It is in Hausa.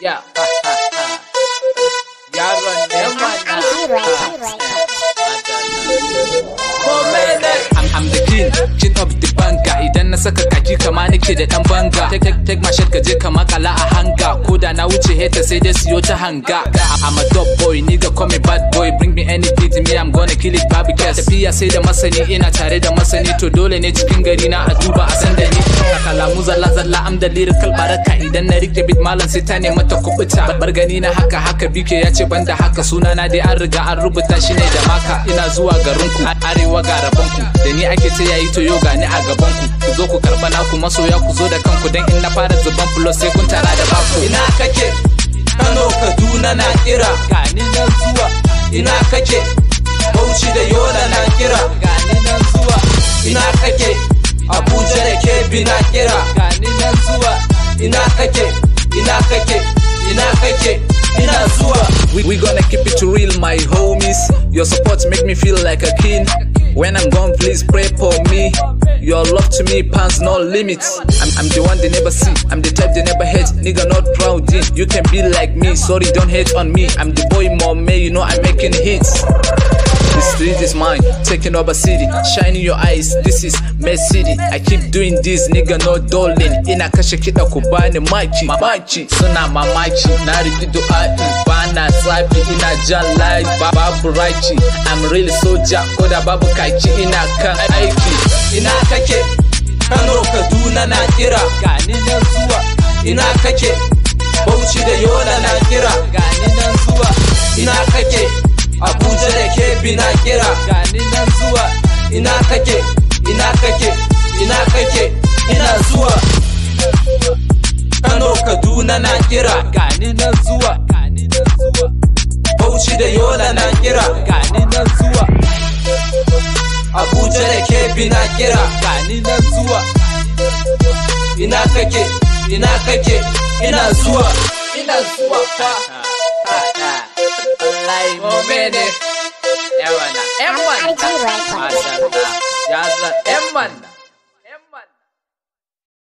Ya. Yaron I'm the king, king of the banga Idan na saka kaki kama nake da dan banga Take take take my shot kaje kama kala a hanga Ko da na wuce heta sai dai siyo ta hanga I'm a top boy, nigga call me bad boy Bring me any beat me I'm gonna kill it babu Tafiya sai da masani ina tare da masani To dole ne cikin gari na a duba a san da ni Kala zalla zalla am da lyrical baraka idan na rike bit malam sai ta nema ta kubuta bar gani na haka haka bike ya ce banda haka suna na dai an riga an rubuta shi ne da maka ina zuwa garinku arewa ga rabanku da ni ake ce yayi to yoga ni a gaban ku zo ku karba naku masoya ku zo da kanku dan in na fara zuban plus sai kun tara da baku ina kake Kano Kaduna na kira gani na zuwa ina kake Bauchi da Yola na kira gani na zuwa ina kake abuja da ke bina kira gani nan zuwa ina we, we gonna keep it real my homies your support make me feel like a king when I'm gone, please pray for me. Your love to me pans no limits. I'm, I'm the one they never see. I'm the type they never hate. Nigga, not proud. You can be like me. Sorry, don't hate on me. I'm the boy, mom. you know I'm making hits. The street is mine, taking over city. Shine your eyes, this is mess city. I keep doing this, nigga, no dolling. Ina kashe kiɗa ku bani maki, maki. Suna mamaki, na riƙi du'a'i. Bana tsafi, ina jan layi, babu raici. I'm really soja, ko da babu in ina kan aiki. Ina kake, Kano, Kaduna na kira. Gani na zuwa. Ina kake, Bauchi da Yola na kira. Gani na zuwa. Ina kake, abuja da kefi na kira gani nan zuwa ina kake ina kake ina kake ina zuwa kano kaduna na kira gani nan zuwa bauchi da yola na kira gani nan zuwa abuja da kefi na kira gani nan zuwa ina kake ina kake ina zuwa ina zuwa ka bene yawana yan manna ya zan yan